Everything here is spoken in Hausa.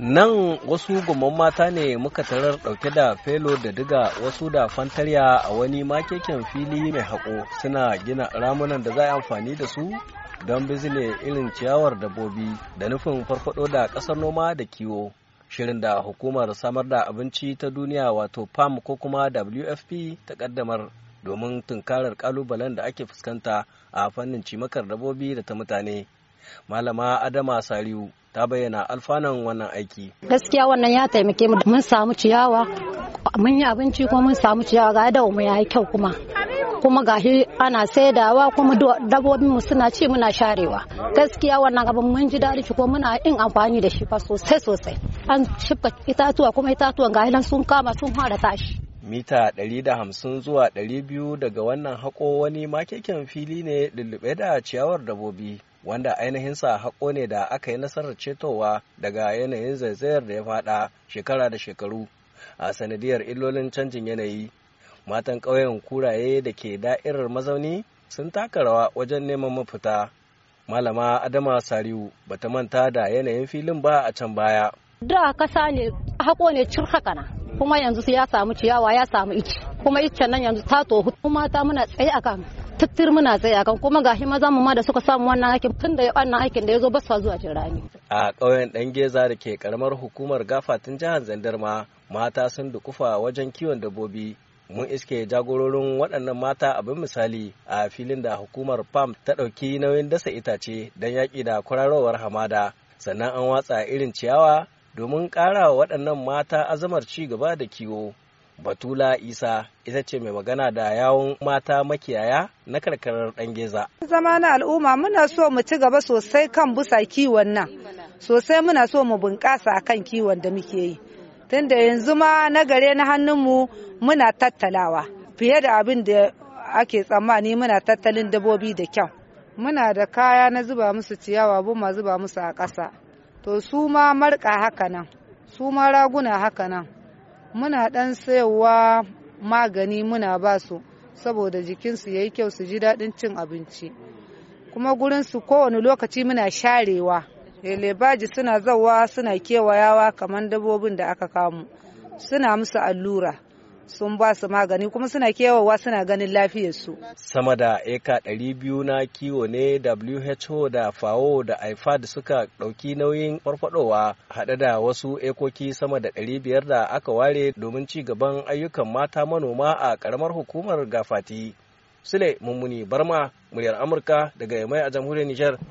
nan wasu gumman mata ne muka tarar dauke da felo da diga wasu da fantarya a wani makeken fili mai haƙo suna gina ramunan da za a yi amfani da su don bizine irin ciyawar dabbobi da nufin farfado da ƙasar noma da kiwo shirin da hukumar samar da abinci ta duniya wato pam ko kuma wfp ta ƙaddamar domin tunkarar ƙalubalen da ake fuskanta a fannin cimakar dabbobi da ta mutane malama adama sariu ta bayyana alfanan wannan aiki. Gaskiya wannan ya taimake mu mun samu ciyawa mun yi abinci kuma mun samu ciyawa ga da mu yayi kyau kuma. kuma gashi ana saidawa kuma dabobinmu suna ci muna sharewa gaskiya wannan abin mun ji daɗi shi ko muna yin amfani da shi fa sosai sosai an shifka itatuwa kuma itatuwan gashi nan sun kama sun fara tashi mita 150 zuwa 200 daga wannan hako wani makekin fili ne lullube da ciyawar dabobi wanda ainihin sa haƙo ne da aka yi nasarar cetowa daga yanayin zaizayar da ya fada shekara da shekaru a sanadiyar illolin canjin yanayi matan ƙauyen kuraye da ke da'irar mazauni sun taka rawa wajen neman mafita malama adama sariu bata manta da yanayin filin ba a can baya da kasa ne haƙo ne cin hakana kuma yanzu ya samu ciyawa ya samu ici kuma iccen nan yanzu ta tohu kuma ta muna tsaye akan tattir muna tsaye akan kuma gashi maza mu ma da suka samu wannan aikin tun da wannan aikin da ya zo ba sa zuwa jin rani. A ƙauyen ɗan geza da ke karamar hukumar gafa tun jihar Zandarma mata sun dukufa wajen kiwon dabbobi mun iske jagororin waɗannan mata abin misali a filin da hukumar pam ta ɗauki nauyin dasa itace don yaƙi da kwararowar hamada sannan an watsa irin ciyawa domin ƙara waɗannan mata azamar ci gaba da kiwo Batula Isa ita ce mai magana da yawon mata makiyaya na karkarar ɗan geza. Zama na al'umma muna so mu ci gaba sosai kan busa kiwon nan, sosai muna so mu bunƙasa kan kiwon da muke yi. Tunda yanzu ma na gare na hannunmu muna tattalawa fiye da abin da ake tsammani muna tattalin dabobi da kyau. Muna da kaya na zuba musu ciyawa buma zuba musu a ƙasa. To su ma marƙa haka nan, su ma raguna haka nan. muna ɗan sayarwa magani muna ba su saboda jikinsu ya yi kyau su ji daɗin cin abinci kuma gurinsu kowane lokaci muna sharewa lebaji suna zawa suna kewayawa kamar dabbobin da aka kamu suna musu allura sun ba su magani kuma suna kewawa suna ganin lafiyarsu. Sama da eka ɗari biyu na kiwo ne WHO da FAO da IFAD suka ɗauki nauyin farfadowa haɗe da wasu ekoki sama da ɗari biyar da aka ware domin ci gaban ayyukan mata manoma a ƙaramar hukumar gafati. Sule Mummuni Barma, muryar Amurka daga Yamai a jamhuriyar Nijar.